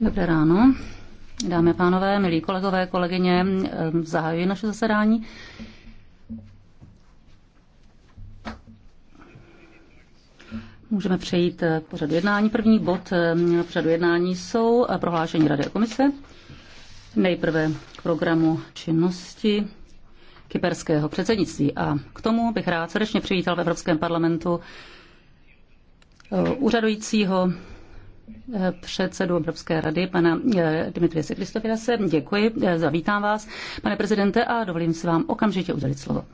Dobré ráno, dámy a pánové, milí kolegové, kolegyně, eh, zahajuji naše zasedání. Můžeme přejít eh, k pořadu jednání. První bod eh, pořadu jednání jsou prohlášení Rady a komise. Nejprve k programu činnosti kyperského předsednictví. A k tomu bych rád srdečně přivítal v Evropském parlamentu úřadujícího předsedu Evropské rady, pana eh, Dimitrie se Děkuji, eh, zavítám vás, pane prezidente, a dovolím si vám okamžitě udělit slovo.